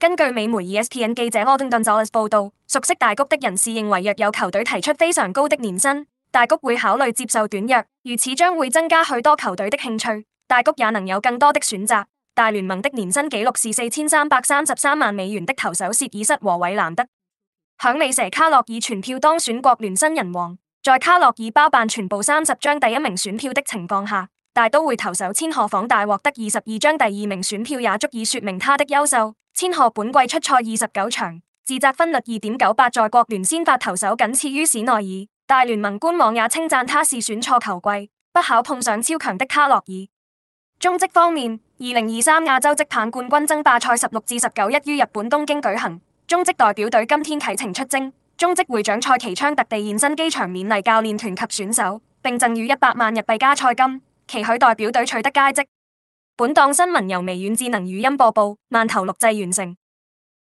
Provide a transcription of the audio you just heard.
根據美媒 ESPN 記者阿登頓佐斯報道，熟悉大谷的人士認為，若有球隊提出非常高的年薪，大谷會考慮接受短約，如此將會增加許多球隊的興趣，大谷也能有更多的選擇。大聯盟的年薪紀錄是四千三百三十三萬美元的投手薛爾瑟和韋藍德。響尾蛇卡洛爾全票當選國聯新人王，在卡洛爾包辦全部三十張第一名選票的情況下。大都會投手千賀滉大獲得二十二張第二名選票，也足以說明他的優秀。千賀本季出賽二十九場，自責分率二點九八，在國聯先發投手僅次於史內爾。大聯盟官網也稱讚他是選錯球季，不巧碰上超強的卡洛爾。中職方面，二零二三亞洲職棒冠軍爭霸賽十六至十九一於日本東京舉行，中職代表隊今天啟程出征。中職會長蔡其昌特地現身機場勉勵教練團及選手，並贈予一百萬日幣加賽金。祈許代表隊取得佳績。本檔新聞由微軟智能語音播報，慢頭錄製完成。